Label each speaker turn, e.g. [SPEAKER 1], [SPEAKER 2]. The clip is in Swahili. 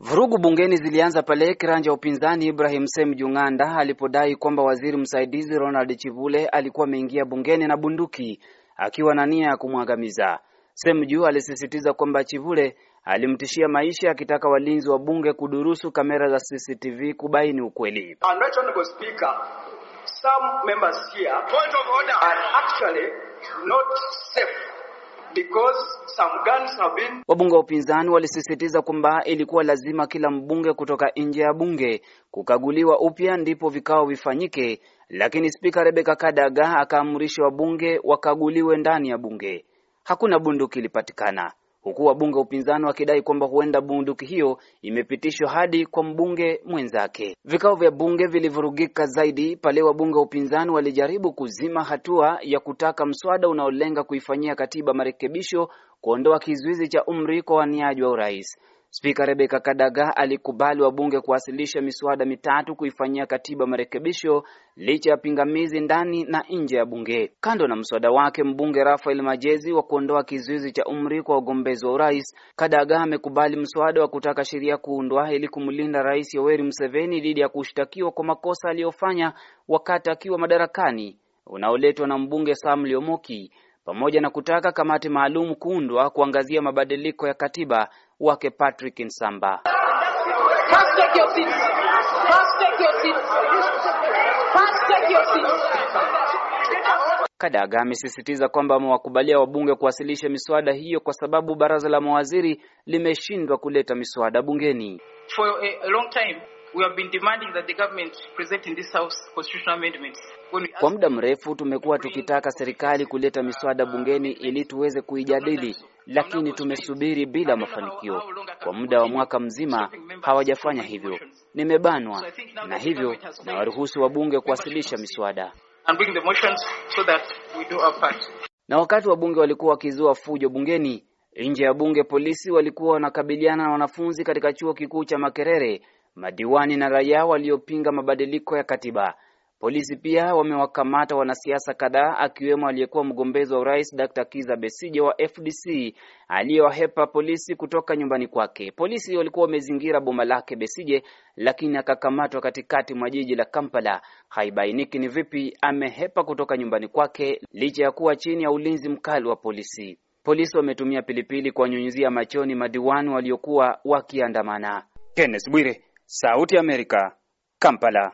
[SPEAKER 1] Vurugu bungeni zilianza pale kiranja upinzani Ibrahim Junganda alipodai kwamba waziri msaidizi Ronald Chivule alikuwa ameingia bungeni na bunduki akiwa na nia ya kumwangamiza. Semju alisisitiza kwamba Chivule alimtishia maisha akitaka walinzi wa bunge kudurusu kamera za CCTV kubaini ukweli. Some members here are actually not safe. Wabunge wa upinzani walisisitiza kwamba ilikuwa lazima kila mbunge kutoka nje ya bunge kukaguliwa upya ndipo vikao vifanyike, lakini Spika Rebeka Kadaga akaamrisha wabunge wakaguliwe ndani ya bunge. Hakuna bunduki ilipatikana huku wabunge wa upinzani wakidai kwamba huenda bunduki hiyo imepitishwa hadi kwa mbunge mwenzake. Vikao vya bunge vilivurugika zaidi pale wabunge wa upinzani walijaribu kuzima hatua ya kutaka mswada unaolenga kuifanyia katiba marekebisho kuondoa kizuizi cha umri kwa waniaji wa urais. Spika Rebeka Kadaga alikubali wabunge kuwasilisha miswada mitatu kuifanyia katiba marekebisho licha ya pingamizi ndani na nje ya bunge. Kando na mswada wake mbunge Rafael Majezi wa kuondoa kizuizi cha umri kwa wagombezi wa urais, Kadaga amekubali mswada wa kutaka sheria kuundwa ili kumlinda Rais Yoweri Museveni dhidi ya kushtakiwa kwa makosa aliyofanya wakati akiwa madarakani unaoletwa na mbunge Sam Liomoki pamoja na kutaka kamati maalum kuundwa kuangazia mabadiliko ya katiba wake Patrick Nsamba. Kadaga amesisitiza kwamba amewakubalia wabunge kuwasilisha miswada hiyo kwa sababu baraza la mawaziri limeshindwa kuleta miswada bungeni For a long time. Kwa muda mrefu tumekuwa tukitaka serikali kuleta miswada bungeni ili tuweze kuijadili, lakini tumesubiri bila mafanikio kwa muda wa mwaka mzima. Hawajafanya hivyo, nimebanwa na hivyo na waruhusu wabunge kuwasilisha miswada na wakati wabunge walikuwa wakizua fujo bungeni, nje ya bunge polisi walikuwa wanakabiliana na wanafunzi katika chuo kikuu cha Makerere madiwani na raia waliopinga mabadiliko ya katiba. Polisi pia wamewakamata wanasiasa kadhaa akiwemo aliyekuwa mgombezi wa urais Dr. Kiza Besije wa FDC aliyewahepa polisi kutoka nyumbani kwake. Polisi walikuwa wamezingira boma lake Besije, lakini akakamatwa katikati mwa jiji la Kampala. Haibainiki ni vipi amehepa kutoka nyumbani kwake licha ya kuwa chini ya ulinzi mkali wa polisi. Polisi wametumia pilipili kuwanyunyizia machoni madiwani waliokuwa wakiandamana. Kenneth Bwire, Sauti Amerika, Kampala.